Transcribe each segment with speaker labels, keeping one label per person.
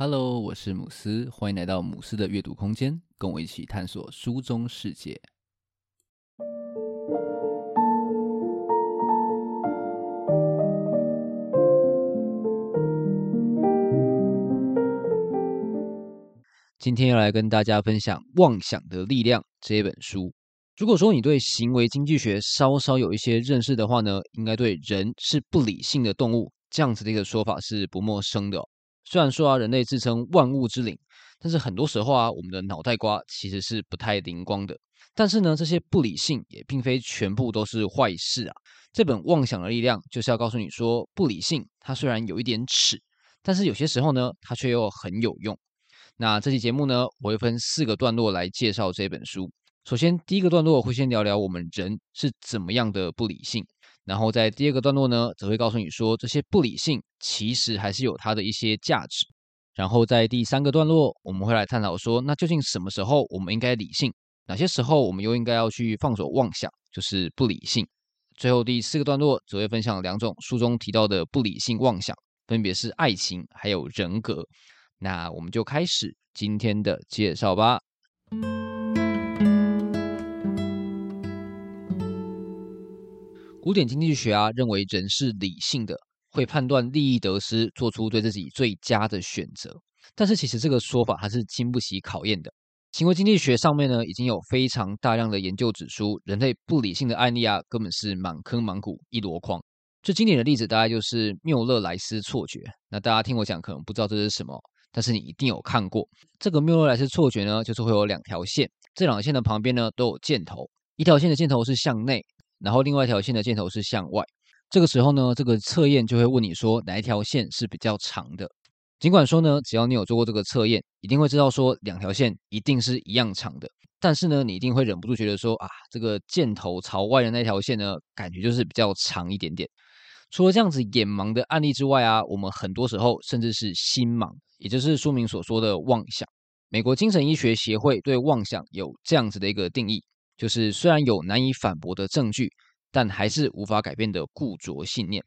Speaker 1: Hello，我是姆斯，歡迎來到姆斯的閱讀空間，跟我一起探索書中世界。今天要來跟大家分享《妄想的力量》這本書。如果說你對行為經濟學稍稍有一些認識的話呢，應該對“人是不理性的動物”這樣子的一個說法是不陌生的哦。雖然說啊，人類自稱萬物之靈，但是很多時候啊，我們的腦袋瓜其實是不太靈光的。但是呢，這些不理性也並非全部都是壞事啊。這本《妄想的力量》就是要告訴你說，不理性它雖然有一點恥，但是有些時候呢，它却又很有用。那這期節目呢，我會分四個段落來介紹這本書。首先，第一個段落會先聊聊我們人是怎麼樣的不理性。然後在第二個段落呢，則會告訴你說，這些不理性其實還是有它的一些價值。然後在第三個段落，我們會來探討說，那究竟什麼時候我們應該理性，哪些時候我們又應該要去放手妄想，就是不理性。最後第四個段落，則會分享兩種書中提到的不理性妄想，分別是愛情還有人格。那我們就開始今天的介紹吧。古典經濟學啊，認為人是理性的，會判斷利益得失，做出對自己最佳的選擇。但是其實這個說法還是經不起考驗的。行為經濟學上面呢，已經有非常大量的研究指出，人類不理性的案例啊，根本是滿坑滿谷一籮筐。最經典的例子大概就是繆勒萊斯錯覺。那大家聽我講可能不知道這是什麼，但是你一定有看過。這個繆勒萊斯錯覺呢，就是會有兩條線，這兩線的旁邊呢都有箭頭，一條線的箭頭是向內。然後另外一條線的箭頭是向外，這個時候呢，這個測驗就會問你說哪一條線是比較長的？儘管說呢，只要你有做過這個測驗，一定會知道說兩條線一定是一樣長的。但是呢，你一定會忍不住覺得說啊，這個箭頭朝外的那條線呢，感覺就是比較長一點點。除了這樣子眼盲的案例之外啊，我們很多時候甚至是心盲，也就是書名所說的妄想。美國精神醫學協會對妄想有這樣子的一個定義，就是雖然有難以反駁的證據，但還是無法改變的固着信念。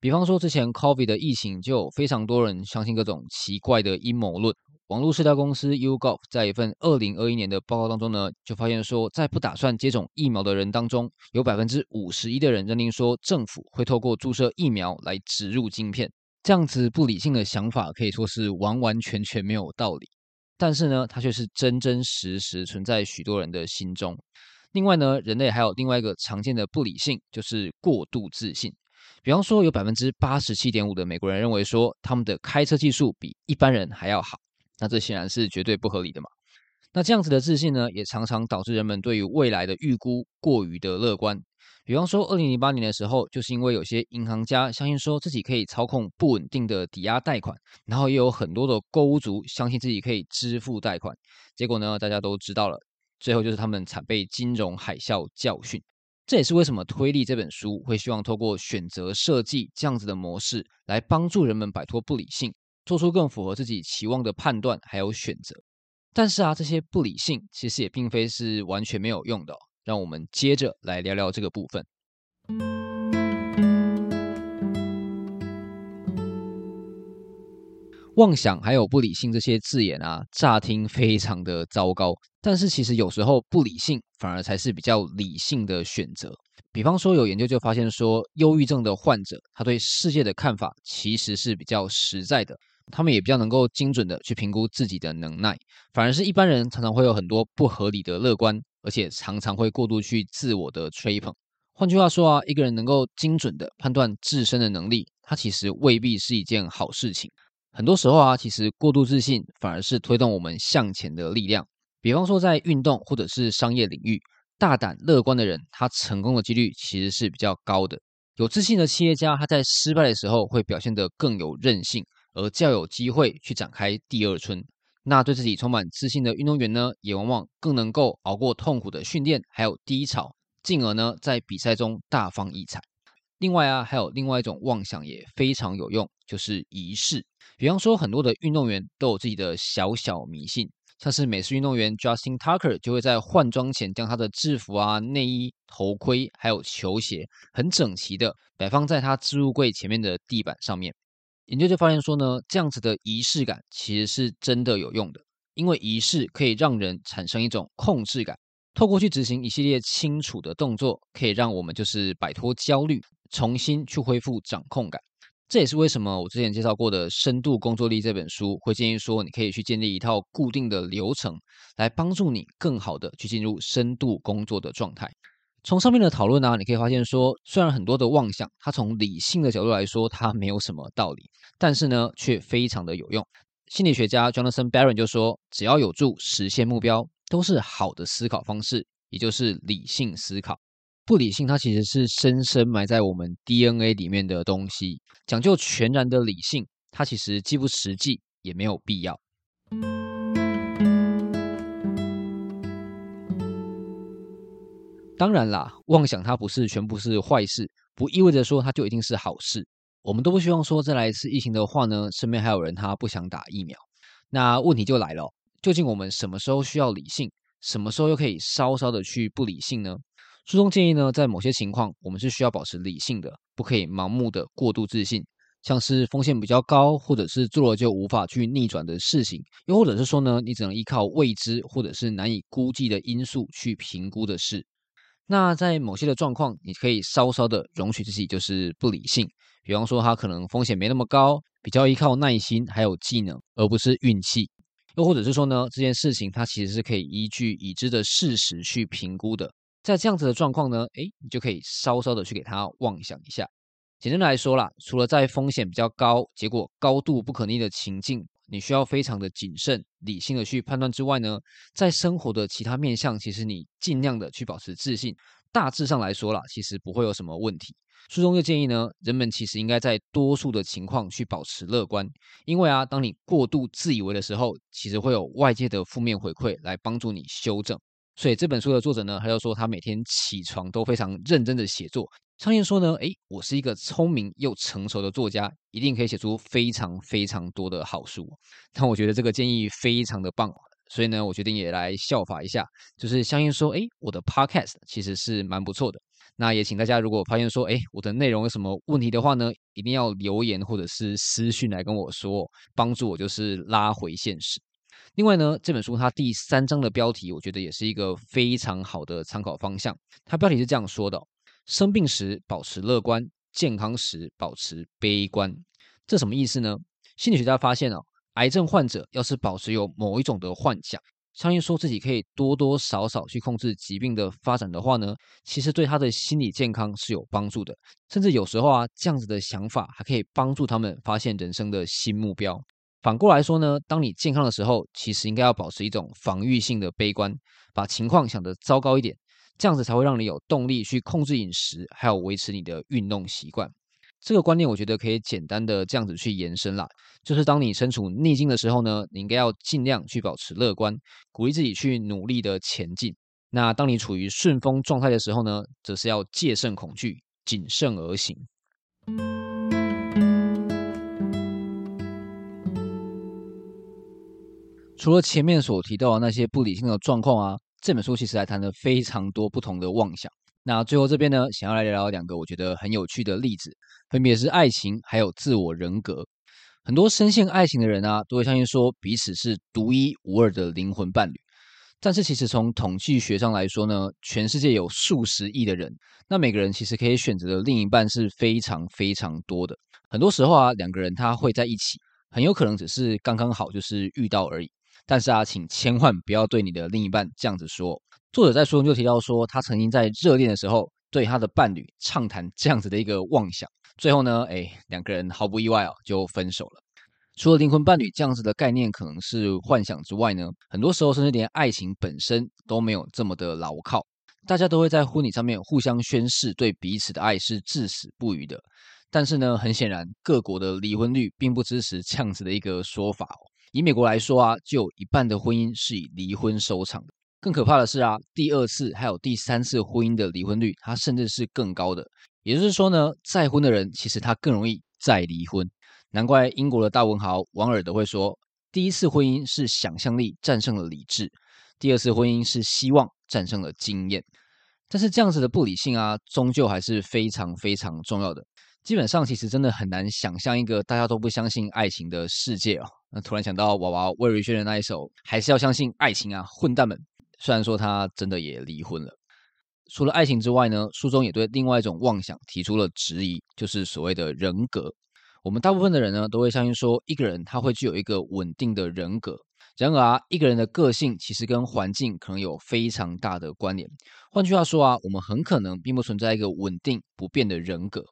Speaker 1: 比方說，之前 COVID 的疫情，就有非常多人相信各種奇怪的陰謀論。網絡社交公司 YouGov 在一份二零二一年的報告當中呢，就發現說，在不打算接種疫苗的人當中，有百分之五十一的人認定說，政府會透過注射疫苗來植入晶片。這樣子不理性的想法，可以說是完完全全沒有道理。但是呢，它卻是真真實實存在許多人的心中。另外呢，人類還有另外一個常見的不理性，就是過度自信。比方說有，有百分之八十七點五的美國人認為說，他們的開車技術比一般人還要好。那這顯然是絕對不合理的嘛。那這樣子的自信呢，也常常導致人們對於未來的預估過於的樂觀。比方說，二零零八年的時候，就是因為有些銀行家相信說自己可以操控不穩定的抵押貸款，然後也有很多的購屋族相信自己可以支付貸款。結果呢，大家都知道了，最後就是他們慘被金融海嘯教訓。這也是為什麼《推力》這本書會希望透過選擇設計這樣子的模式來幫助人們擺脫不理性，做出更符合自己期望的判斷還有選擇。但是啊，這些不理性其實也並非是完全沒有用的哦。讓我們接着來聊聊這個部分。妄想還有不理性這些字眼啊，乍聽非常的糟糕，但是其實有時候不理性反而才是比較理性的選擇。比方說，有研究就發現說，憂鬱症的患者他對世界的看法其實是比較實在的，他們也比較能夠精準的去評估自己的能耐，反而是一般人常常會有很多不合理的樂觀。而且常常會過度去自我的吹捧。換句話說啊，一個人能夠精準地判斷自身的能力，他其實未必是一件好事情。很多時候啊，其實過度自信反而是推動我們向前的力量。比方說在運動或者是商業領域，大膽樂觀的人，他成功的幾率其實是比較高的。有自信的企業家，他在失敗的時候會表現得更有韌性，而較有機會去展開第二春。那對自己充滿自信的運動員呢，也往往更能夠熬過痛苦的訓練，還有低潮，進而呢在比賽中大放異彩。另外啊，還有另外一種妄想也非常有用，就是儀式。比方說，很多的運動員都有自己的小小迷信，像是美式運動員 Justin Tucker 就會在換裝前將他的制服啊、內衣、頭盔還有球鞋，很整齊的擺放在他置物櫃前面的地板上面。研究就發現說呢，這樣子的儀式感其實是真的有用的，因為儀式可以讓人產生一種控制感，透過去執行一系列清楚的動作，可以讓我們就是擺脫焦慮，重新去恢復掌控感。這也是為什麼我之前介紹過的《深度工作力》這本書會建議說，你可以去建立一套固定的流程，來幫助你更好的去進入深度工作的狀態。從上面的討論呢、啊，你可以發現說，雖然很多的妄想，它從理性的角度來說，它沒有什麼道理，但是呢，卻非常的有用。心理學家 Jonathan Baron 就說，只要有助實現目標，都是好的思考方式，也就是理性思考。不理性，它其實是深深埋在我們 DNA 裡面的東西。講究全然的理性，它其實既不實際，也沒有必要。當然啦，妄想它不是全部是壞事，不意味着說它就一定是好事。我們都不希望說再來一次疫情的話呢，身邊還有人他不想打疫苗。那問題就來了，究竟我們什麼時候需要理性，什麼時候又可以稍稍的去不理性呢？書中建議呢，在某些情況我們是需要保持理性的，不可以盲目的過度自信，像是風險比較高，或者是做了就無法去逆轉的事情，又或者是說呢，你只能依靠未知或者是難以估計的因素去評估的事。那在某些的狀況，你可以稍稍的容許自己就是不理性，比方說他可能風險沒那麼高，比較依靠耐心還有技能，而不是運氣。又或者是說呢，這件事情它其實是可以依據已知的事實去評估的。在這樣子的狀況呢，欸，你就可以稍稍的去給它妄想一下。簡單來說啦，除了在風險比較高、結果高度不可逆的情境。你需要非常的謹慎、理性的去判斷之外呢，在生活的其他面向，其實你儘量的去保持自信。大致上來說啦，其實不會有什麼問題。書中又建議呢，人們其實應該在多數的情況去保持樂觀，因為啊，當你過度自以為的時候，其實會有外界的負面回饋來幫助你修正。所以這本書的作者呢，他就說他每天起床都非常認真的寫作。相信說呢，哎，我是一個聰明又成熟的作家，一定可以寫出非常非常多的好書。那我覺得這個建議非常的棒，所以呢，我決定也來效法一下，就是相信說，哎，我的 podcast 其實是蠻不錯的。那也請大家如果發現說，哎，我的內容有什麼問題的話呢，一定要留言或者是私訊來跟我說，幫助我就是拉回現實。另外呢，這本書它第三章的標題，我覺得也是一個非常好的參考方向。它標題是這樣說的哦。生病時保持樂觀，健康時保持悲觀，這什麼意思呢？心理學家發現啊，癌症患者要是保持有某一種的幻想，相信說自己可以多多少少去控制疾病的發展的話呢，其實對他的心理健康是有幫助的，甚至有時候啊，這樣子的想法還可以幫助他們發現人生的新目標。反過來說呢，當你健康的時候，其實應該要保持一種防禦性的悲觀，把情況想得糟糕一點。這樣子才會讓你有動力去控制飲食，還有維持你的運動習慣。這個觀念我覺得可以簡單的這樣子去延伸啦。就是當你身處逆境的時候呢，你應該要盡量去保持樂觀，鼓勵自己去努力的前進。那當你處於順風狀態的時候呢，則是要戒慎恐懼，謹慎而行。除了前面所提到的那些不理性的狀況啊。這本書其實還談了非常多不同的妄想。那最後這邊呢，想要來聊聊兩個我覺得很有趣的例子，分別是愛情還有自我人格。很多深陷愛情的人啊，都會相信說彼此是獨一無二的靈魂伴侶。但是其實從統計學上來說呢，全世界有數十億的人，那每個人其實可以選擇的另一半是非常非常多的。很多時候啊，兩個人他會在一起，很有可能只是剛剛好就是遇到而已。但是啊，請千萬不要對你的另一半這樣子說。作者在書中就提到說，他曾經在熱戀的時候對他的伴侶暢談這樣子的一個妄想，最後呢，哎，兩個人毫不意外哦，就分手了。除了靈魂伴侶這樣子的概念可能是幻想之外呢，很多時候甚至連愛情本身都沒有這麼的牢靠。大家都會在婚禮上面互相宣誓對彼此的愛是至死不渝的，但是呢，很顯然各國的離婚率並不支持這樣子的一個說法哦。以美國來說啊，就有一半的婚姻是以離婚收場的。更可怕的是啊，第二次還有第三次婚姻的離婚率，它甚至是更高的。也就是說呢，再婚的人其實他更容易再離婚。難怪英國的大文豪王爾德會說：“第一次婚姻是想象力戰勝了理智，第二次婚姻是希望戰勝了經驗。”但是這樣子的不理性啊，終究還是非常非常重要的。基本上，其實真的很難想象一個大家都不相信愛情的世界哦。那突然想到娃娃魏如萱的那一首，還是要相信愛情啊，混蛋們。雖然說他真的也離婚了。除了愛情之外呢，書中也對另外一種妄想提出了質疑，就是所謂的人格。我們大部分的人呢，都會相信說，一個人他會具有一個穩定的人格。然而啊，一個人的個性其實跟環境可能有非常大的關聯。換句話說啊，我們很可能並不存在一個穩定不變的人格。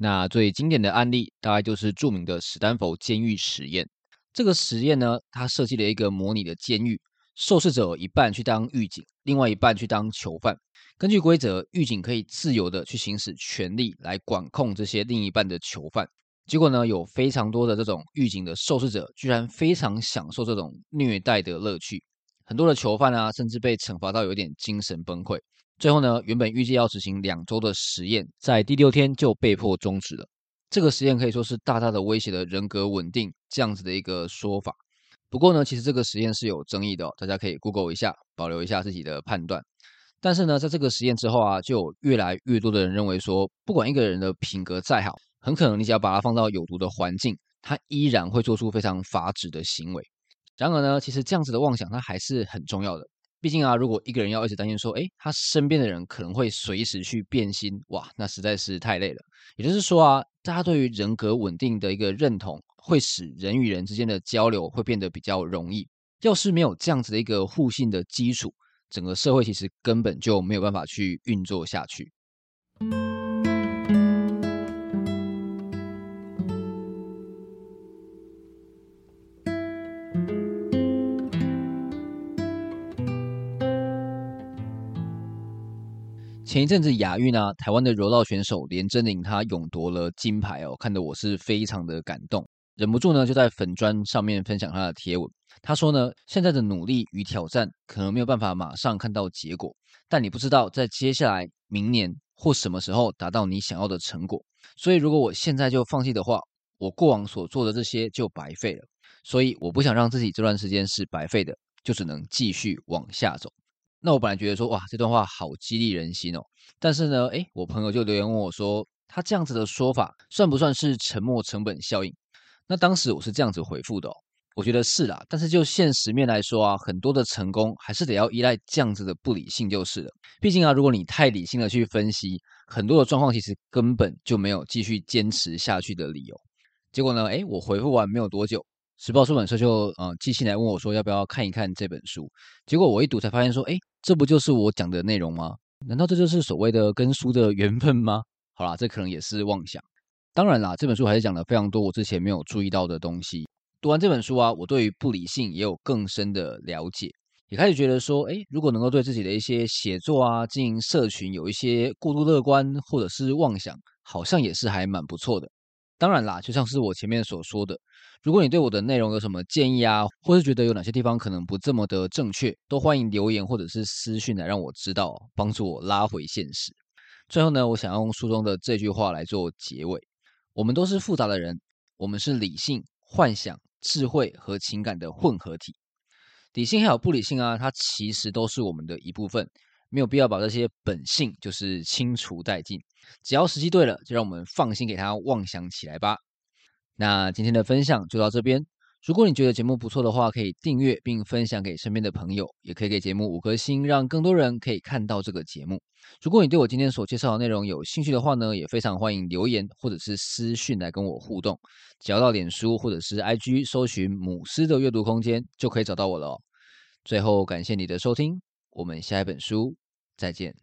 Speaker 1: 那最經典的案例大概就是著名的史丹佛監獄實驗。這個實驗呢，它設計了一個模擬的監獄，受試者一半去當獄警，另外一半去當囚犯。根據規則，獄警可以自由地去行使權力來管控這些另一半的囚犯。結果呢，有非常多的這種獄警的受試者居然非常享受這種虐待的樂趣，很多的囚犯啊，甚至被懲罰到有點精神崩潰。最後呢，原本預計要執行兩周的實驗，在第六天就被迫終止了。這個實驗可以說是大大的威脅了人格穩定這樣子的一個說法。不過呢，其實這個實驗是有爭議的哦，大家可以 Google 一下，保留一下自己的判斷。但是呢，在這個實驗之後啊，就有越來越多的人認為說，不管一個人的品格再好，很可能你只要把他放到有毒的環境，他依然會做出非常髮指的行為。然而呢，其實這樣子的妄想它還是很重要的。畢竟啊，如果一個人要一直擔心說，哎，他身邊的人可能會隨時去變心，哇，那實在是太累了。也就是說啊，大家對於人格穩定的一個認同，會使人與人之間的交流會變得比較容易。要是沒有這樣子的一個互信的基礎，整個社會其實根本就沒有辦法去運作下去。前一陣子亞運啊，台灣的柔道選手連珍羚他勇奪了金牌哦，看得我是非常的感動，忍不住呢就在粉專上面分享他的貼文。他說呢，現在的努力與挑戰可能沒有辦法馬上看到結果，但你不知道在接下來明年或什麼時候達到你想要的成果。所以如果我現在就放棄的話，我過往所做的這些就白費了。所以我不想讓自己這段時間是白費的，就只能繼續往下走。那我本來覺得說，哇，這段話好激勵人心哦，但是呢，誒，我朋友就留言問我說，他這樣子的說法算不算是沉沒成本效應？那當時我是這樣子回復的哦，我覺得是啦，啊，但是就現實面來說啊，很多的成功還是得要依賴這樣子的不理性就是了。畢竟啊，如果你太理性的去分析，很多的狀況其實根本就沒有繼續堅持下去的理由。結果呢，誒，我回復完沒有多久。時報出版社就嗯寄信來問我，說要不要看一看這本書。結果我一讀才發現說，哎，這不就是我講的內容嗎？難道這就是所謂的跟書的緣分嗎？好啦，這可能也是妄想。當然啦，這本書還是講了非常多我之前沒有注意到的東西。讀完這本書啊，我對於不理性也有更深的了解，也開始覺得說，哎，如果能夠對自己的一些寫作啊、經營社群有一些過度樂觀或者是妄想，好像也是還蠻不錯的。當然啦，就像是我前面所說的，如果你對我的內容有什麼建議啊，或是覺得有哪些地方可能不這麼的正確，都歡迎留言或者是私訊來讓我知道，幫助我拉回現實。最後呢，我想用書中的這句話來做結尾：我們都是複雜的人，我們是理性、幻想、智慧和情感的混合體。理性還有不理性啊，它其實都是我們的一部分。沒有必要把這些本性就是清除殆盡，只要時機對了，就讓我們放心給它妄想起來吧。那今天的分享就到這邊。如果你覺得節目不錯的話，可以訂閱並分享給身邊的朋友，也可以給節目五顆星，讓更多人可以看到這個節目。如果你對我今天所介紹的內容有興趣的話呢，也非常歡迎留言或者是私訊來跟我互動。只要到臉書或者是 IG 搜尋“姆斯的閱讀空間”就可以找到我了哦。最後，感謝你的收聽。我們下一本書再見。